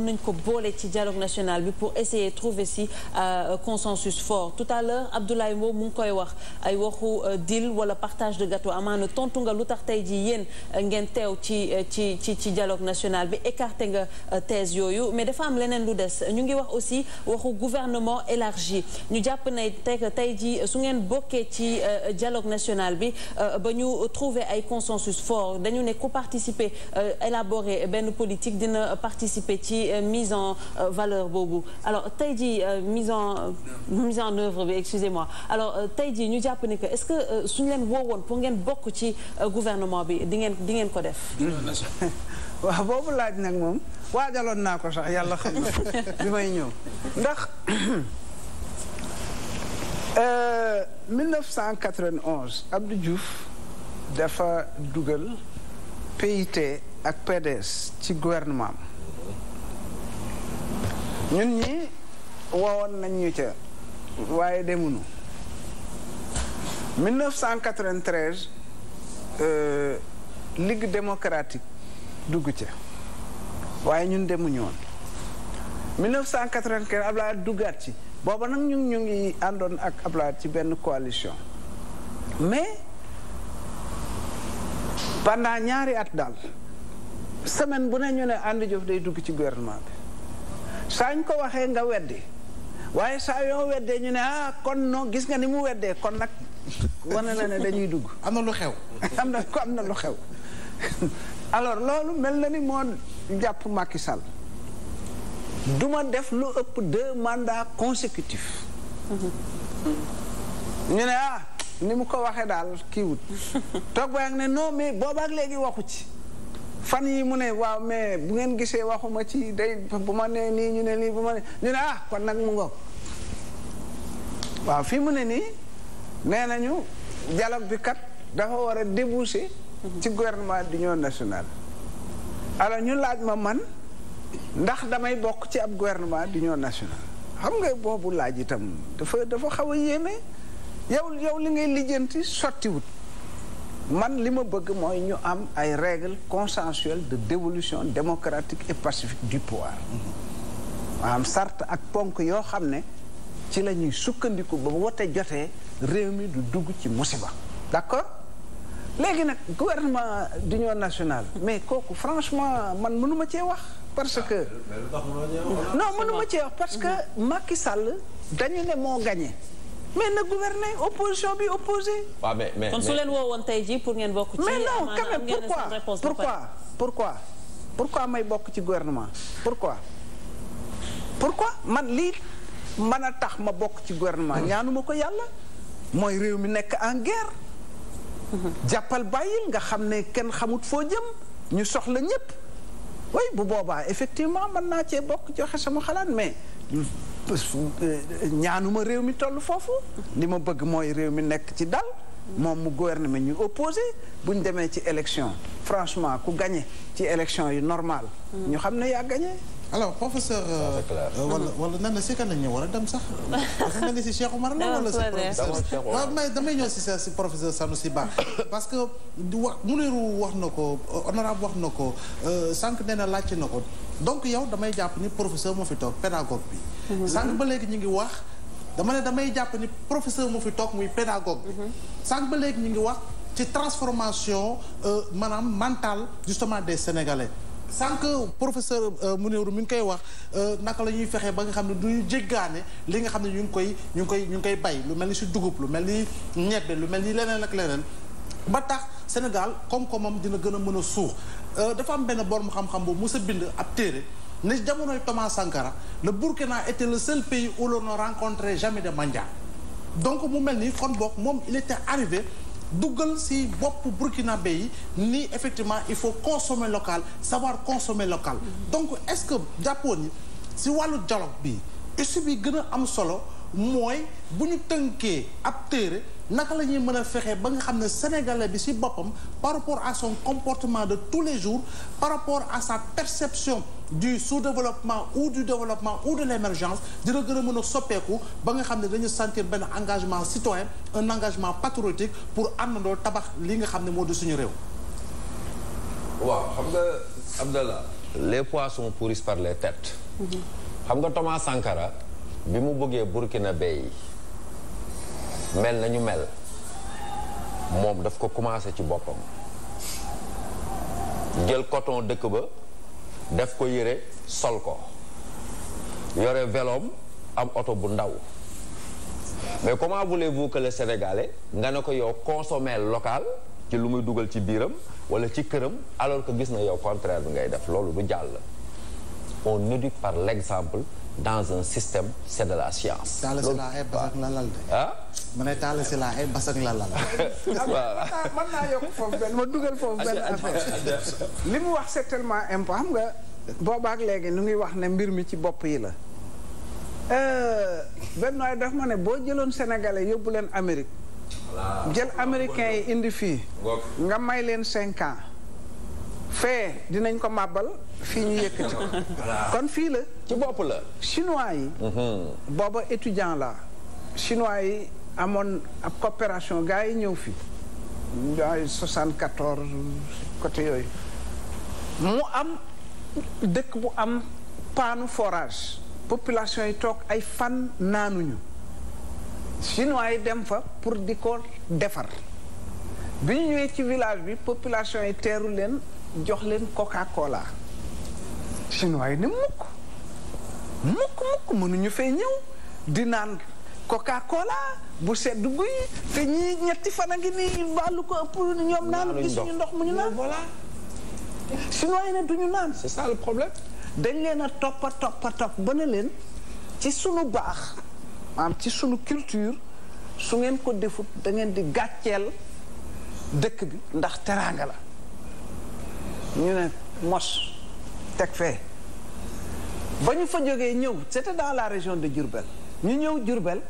mën ko boole ci dialogue national bi pour essayer trouver si euh, consensus fort tout à l'heure Abdoulaye Mbow mu ngi koy wax ay waxu euh, deal wala partage de gâteau amaana tontu nga lu tax tey jii yéen euh, ngeen teew ci ci ci ci dialogue national bi écarté nga thèse yooyu mais dafa am leneen lu des ñu ngi wax aussi waxu gouvernement élargi ñu jàpp ne tey tey jii su ngeen bokkee ci dialogue national bi ba ñu trouver ay consensus fort dañu ne ku participer élaborer benn politique dina participer ci ci euh, euh, mise en euh, boobu alors tey jii mise en mise œuvre bi excusez-moi alors tey jii ñu jàpp ni que est-ce que suñu leen woowoon pour ngeen bokk ci gouvernement bi di ngeen di ngeen ko def waaw boobu laaj nag moom waajaloon naa ko sax yàlla xam na may ñëw ndax 1991 Abdou Diouf dafa dugal PIT ak PDS ci gouvernement ñun ñi woowoon nañ ca waaye demunu 1993 euh, ligue démocratique dugg ca waaye ñun demuñu woon 1995 Ablaye duggaat ci booba nag ñu ñu ngi àndoon ak Ablaye ci benn coalition mais pendant ñaari at daal semaine bu ne ñu ne ànd jof day dugg ci gouvernement saañ ko waxee nga weddi waaye saa yoo weddee ñu ne ah kon no gis nga ni mu weddee kon nag wane na ne dañuy dugg am na lu xew am na ko am na lu xew alors loolu mel na ni moo jàpp Macky Sall duma def lu ëpp deux mandats consécutifs mm-hmm. ñu ne ah ni mu ko waxee daal kii wut toog ba ak ne non mais boobaak léegi waxu ci fan yii mu ne waaw mais bu ngeen gisee waxuma ci day bu ma nee nii ñu ne nii bu ma nee ñu ne ah kon nag mu ngoog waaw fii mu ne nii nee nañu dialogue bi kat dafa war a déboucher ci gouvernement d'union nationale alors ñu laaj ma man ndax damay bokk ci ab gouvernement d'union nationale xam ngay boobu laaj itam dafa dafa xaw a yéeme yow yow li ngay lijjanti sottiwut man li ma bëgg mooy ñu am ay règles consensuelles de dévolution démocratique et pacifique du pouvoir maanaam sart ak ponk yoo xam ne ci lañuy sukkandiku ba wote jotee réew mi du dugg ci musiba d'accord léegi nag gouvernement d'union nationale mais kooku franchement man mënuma cee wax parce que ah, non mënuma cee wax parce que Macky Sall dañu ne moo gagné mais na gouverner opposition bi opposé. mais mais kon su leen woowoon tey jii pour ngeen bokk. ci mais non quand même pourquoi pourquoi pourquoi pourquoi may bokk ci gouvernement pourquoi. pourquoi man lii mën a tax ma bokk ci gouvernement mm-hmm. ñaanuma ko yàlla mooy réew mi nekk en guerre. Mm-hmm. jàppal bàyyil nga xam ne kenn xamut foo jëm ñu soxla ñépp oui bu boobaa effectivement mën naa cee bokk joxe sama xalaat mais ñaanuma réew mi toll foofu li ma bëgg mooy réew mi nekk ci dal moom mu gouvernement ñu opposé bu ñu demee ci élection franchement ku gagné ci élection yi normal ñu xam ne yaa gagné alors professeur. Euh, euh, wala wala nan la si kan la ñu dem sax. dafa mel ni si Cheikh Oumar la wala si professeur waaw mais damay ñëw si si professeur Sanoussi Ba parce que wa Mounirou wax na ko euh, honorable wax na ko sànq nee na laajte na ko donc yow damay jàpp ni professeur moo fi toog pédagogue bi. Mhm. sànq ba léegi ñu ngi wax. dama ne damay jàpp ni professeur mu fi toog muy pédagogue bi mhm. sànq ba léegi ñu ngi wax ci transformation maanaam mentale justement des Sénégalais sànq professeur euh, Mounirou mi ngi koy wax euh, naka la ñuy fexe ba nga xam ne du ñu jéggaane li nga xam ne ñu ngi koy ñu ngi koy ñu ngi koy bay lu mel ni si dugub lu mel ni ñebbe lu mel ni leneen ak leneen ba tax Sénégal koom-koomam dina gën a mën a suux euh, dafa am benn borom xam-xam bu mës a bind ab téere ne jamonoy Thomas Sankara le Burkina était le seul pays où l'on ne jamais de mendiants donc mu mel ni kon boog moom il était arrivé duggal si bopp burkinabé yi ni effectivement il faut consommer local savoir consommer local donc est-ce que jàppoon ni si wàllu dialogue bi issue bi gën a am solo mooy bu ñu tënkee ab téere naka la ñuy mën a fexee ba nga xam ne sénégalais bi ci boppam par rapport à son comportement de tous les jours par rapport à sa perception du sous-développement ou du développement ou de l'émergence dina gën a mën a soppeeku ba nga xam ne dañu sentir benn engagement citoyen un engagement patriotique pour àndandoo tabax li nga xam ne moo di suñu réew waaw xam nga Abdallah les poissons pourrissent par les têtes xam nga Thomas Sankara bi mu bëggee burkinabé yi mel nañu mel moom daf ko commencé ci boppam jël coton dëkk ba def ko yére sol ko yore veloom am oto bu ndaw mais comment voulez-vous que le nga ne ko yow consommer local ci lu muy dugal ci biiram wala ci këram alors que gis na yow contraire bi ngay def loolu du jàll on éduque par l'exemple dans un système c'est la science. taal si laaxee bas ak lalal de. ah ma ne taal ah, si laaxee bas ak lalal. mën naa yokk foofu benn ma dugal foofu li mu wax c'est tellement important xam nga boobaak léegi nu ngi wax ne mbir mi ci bopp yi la. Euh, benn waay daf ma ne boo jëloon sénégalais yóbbu leen Amérique. jël américain yi indi fii. nga may leen cinq ans. fee dinañ ko màbbal fii ñu yëkkati kon fii la ci bopp la chinois yi mhm. booba étudiant la chinois yi amoon ab coopération gars yi ñëw fii ay 74 côté yooyu mu am dëkk bu am paanu forage population yi toog ay fan naanuñu chinois yi dem fa pour di ko defar bi ñu ñëwee ci village bi population yi teeru leen jox leen coca cola chinois yi ne mukk mukk mukk mënuñu fee ñëw di naan coca cola bu sedd guy te ñii ñetti fan a ngi nii wàllu ko ëpp ñoom naan gisuñu ndox mu ñu naan voilà chinois ne duñu naan c'est ça dañ leen a toppa toppa topp ba ne leen ci sunu baax maanaam ci sunu culture su ngeen ko defut dangeen di gàcceel dëkk bi ndax teraanga la ñu ne mos teg fee ba ñu fa jógee ñëw c'était dans la région de Diourbel ñu ñëw Diourbel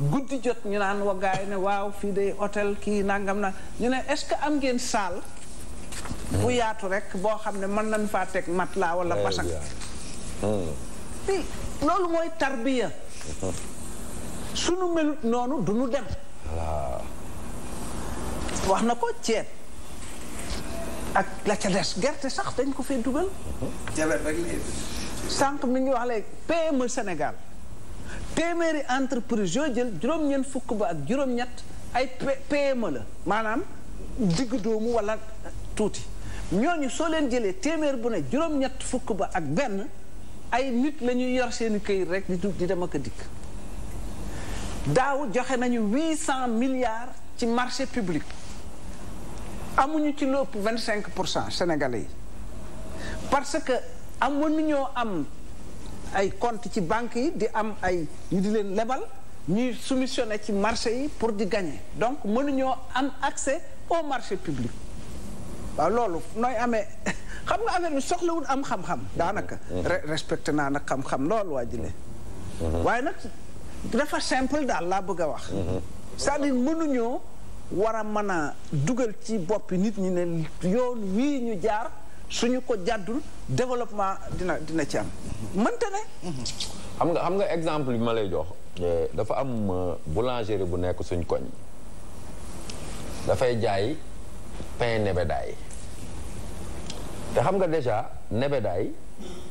guddi jot ñu naan waggaay ne waaw fii day hôtel kii nangam na ñu ne est-ce que am ngeen salle bu hmm. yaatu rek boo xam ne mën nañ faa teg matelas wala hmm. basak bi hmm. loolu mooy tarbiya sunu melut noonu du ñu dem wax na ko ceeb ak la ca des gerte sax dañ ko fee dugal. jabet sànq mi ngi wax léegi PME Sénégal téeméeri entreprise yoo jël juróom-ñeent fukk ba ak juróom-ñett ay PME la maanaam digg doomu wala tuuti ñooñu soo leen jëlee téeméer bu ne juróom-ñett fukk ba ak benn ay nit la yor seen i këyit rek di dugg di dem ak dikk daaw joxe nañu huit cent milliards ci marché public. amuñu ci lu ëpp vingt cinq pour cent sénégalais yi parce que am mënuñoo am ay compte ci banque yi di am ay ñu di leen lebal ñuy soumissionné ci marché yi pour di gagner donc mënuñoo am accès au marché public waaw loolu nooy amee xam nga affaire bi soxlawul am xam-xam daanaka respecté naa nag xam-xam loolu waa jile mm-hmm. waaye nag dafa simple daal laa bëgg a wax mm-hmm. cest à mënuñoo war a mën a dugal ci boppi nit ñi ne yoon wii ñu jaar suñu ko jàddul développement dina dina ci am mënta ne xam nga xam nga exemple bi ma lay jox eh, dafa am eh, boulangerie bu nekk suñ koñ dafay jaay pain nebedaay te xam nga déjà nebedaay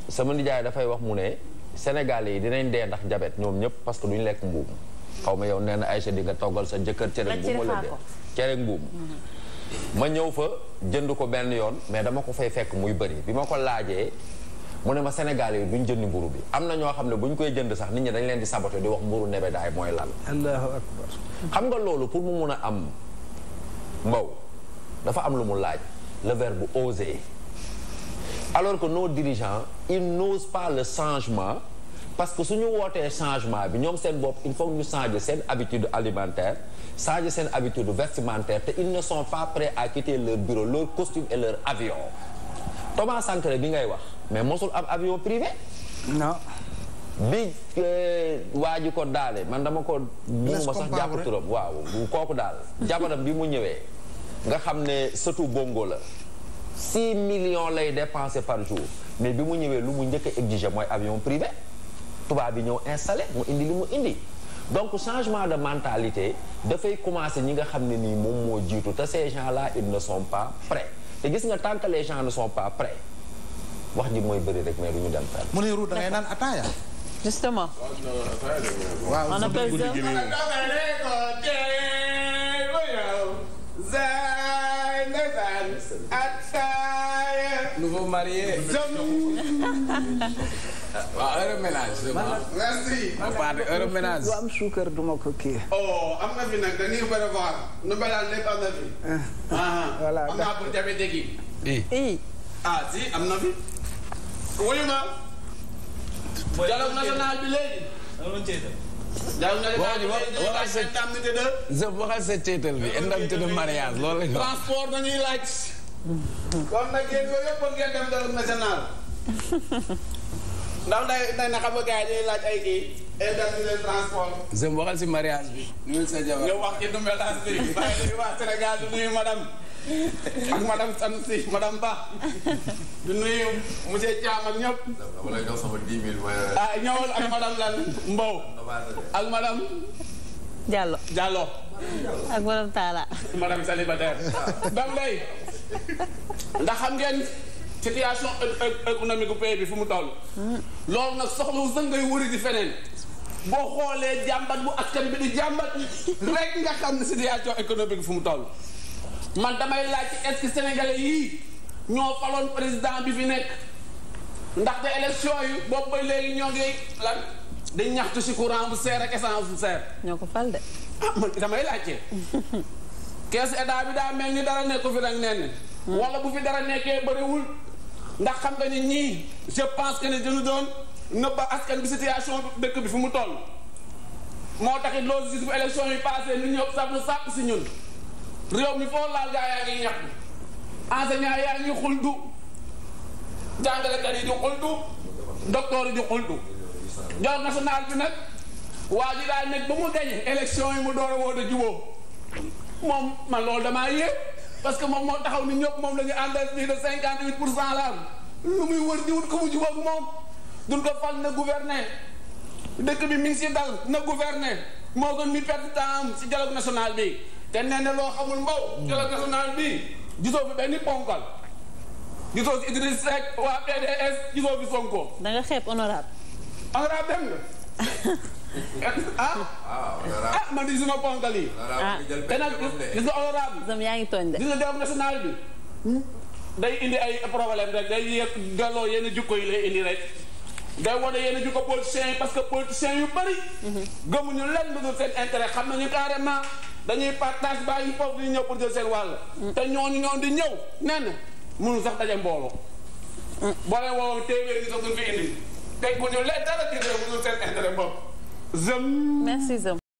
sama jaay dafay wax mu ne Sénégalais yi dinañ dee ndax njabet ñoom ñëpp parce que duñ lekk mbuum xaw ma yow nee na Aïcha di nga toggal sa jëkkër cere mbuum wala de cere mbuum mhm. ma ñëw fa jënd ko benn yoon mais dama ko fay fekk muy bëri bi ma ko laajee mu ne ma Sénégal yi duñ jënd mburu bi am na ñoo xam ne buñ koy jënd sax nit ñi dañ leen di saboté di wax mburu nebedaay mooy lan allahu akbar xam nga loolu pour mu mun a am mbaw dafa am lu mu laaj le verbe oser alors que nos dirigeants ils n'osent pas le changement parce que suñu wootee changement bi ñoom seen bopp il faut ñu changer seen habitude alimentaire changer seen habitude vestimentaire te ils ne sont pas prêts à quitter leur bureau leur costume et leur avion Thomas Sankara bi ngay wax mais mosul am avion privé non bi euh, waa ji ko daale man dama ko bumu sax jàpp turam waaw kooku daal jabaram bi mu ñëwee nga xam ne surtout bongo la six millions lay dépensé par jour mais bi mu ñëwee lu mu njëkk a exigé mooy avion tubaab bi ñëw installé mu indi li mu indi donc changement de mentalité dafay commencé ñi nga xam ne nii moom moo jiitu te ces gens là ils ne sont te gis nga tant que les gens ne sont pas prêts wax ji mooy bëri rek mais du ñu dem fenn. mu ne Ruud da naan ataaya. Nouveau marié. waaw heure ménage. merci. on parle de heure ménage. du am suukar du ma ko kii. oh am na fi nag dañuy prévoir. nu balaa lépp am na fi. Ah, voilà ah, ah. am naa pour diabétique yi. Eh. ah si am na fi. wuyu ma. dialogue national bi léegi. waxal sa ceetal bi indemnité de mariage loolu la ñu transport dañuy laaj. kon nag yéen yooyu yëpp ngeen dem dialogue national. ndax day day na xam nga gars yi laaj ay kii. indemnité transport. Zem waxal si mariage bi. nuyu sa jabar nga wax ci dumbelance bi. maa ngi di nuyu ak madame Sansi madame Ba. du nuyu monsieur Thiam ak ñëpp. wala ñëw sama 10 000 ah ñëwal ak madame lan Mbow. ak madame. Diallo ak madame Talla. madame célibataire. dam day situation économique bu pays bi fu mu toll. loolu nag soxla sax ngay wëri di feneen. boo xoolee jàmbat bu askan bi di jàmbat rek nga xam ne situation économique fu mu toll. man damay laaj ci est-ce que sénégalais yii ñoo faloon président bi fi nekk ndaxte élection yi boobu ba léegi ñoo ngi lan di ñaxtu si courant bu seer ak essence bu seer. ñoo ko fal de. ah man damay laajte. kees état bi daa mel ni dara nekku fi nag nee hmm. wala bu fi dara nekkee bëriwul. ndax xam nga ni ñii je pense que ne dañu doon nëbba askan bi situation dëkk bi fu mu toll moo taxit loolu gis bu élection yi passé nit ñëpp sàpp sàpp si ñun réew mi foo laal gaa yaa ngi ñàkk enseignant yaa ngi xuldu jàngalekat yi di xuldu docteur yi di xuldu joor national bi nag waa ji daal nekk ba mu gañe élection yi mu door a woote juboo moom man loolu damaa yéeg parce que moom moo taxaw ni ñëpp moom la ñu àndal nii de cinquante huit pour cent la lu muy wër di ko mu jubóo moom duñ fal na gouverner dëkk bi mi si dal na gouverner moo gën mi perte temps am si dialogue national bi te nee loo xamul mbaw. dialogue national bi gisoo fi benn ponkal. gisoo si Idriss Seck waa PDS gisoo fi Sonko. da nga xeeb honorable. dem ah. ah man di suma ponkal yi. ah te nag gis nga honorable. yaa ngi tooñ de. gis nga diop national bi. Hmm? day indi ay problème rek day yegg galoo yenn jukko yi lay indi rek. day wane yenn jukko politiciens parce que politiciens yu bëri. Hmm. gëmuñu lenn lu dul seen intérêt xam nañu carrément dañuy partage bàyyi foofu di ñëw pour jël seen wàll. Hmm. te ñooñu ñoom di ñëw nee na mënu sax daje mbooloo. boo leen woowoon téeméer gi sax fi indi. tey bu ñu leen dara ci réew mi seen intérêt bopp. Zem. merci Zem.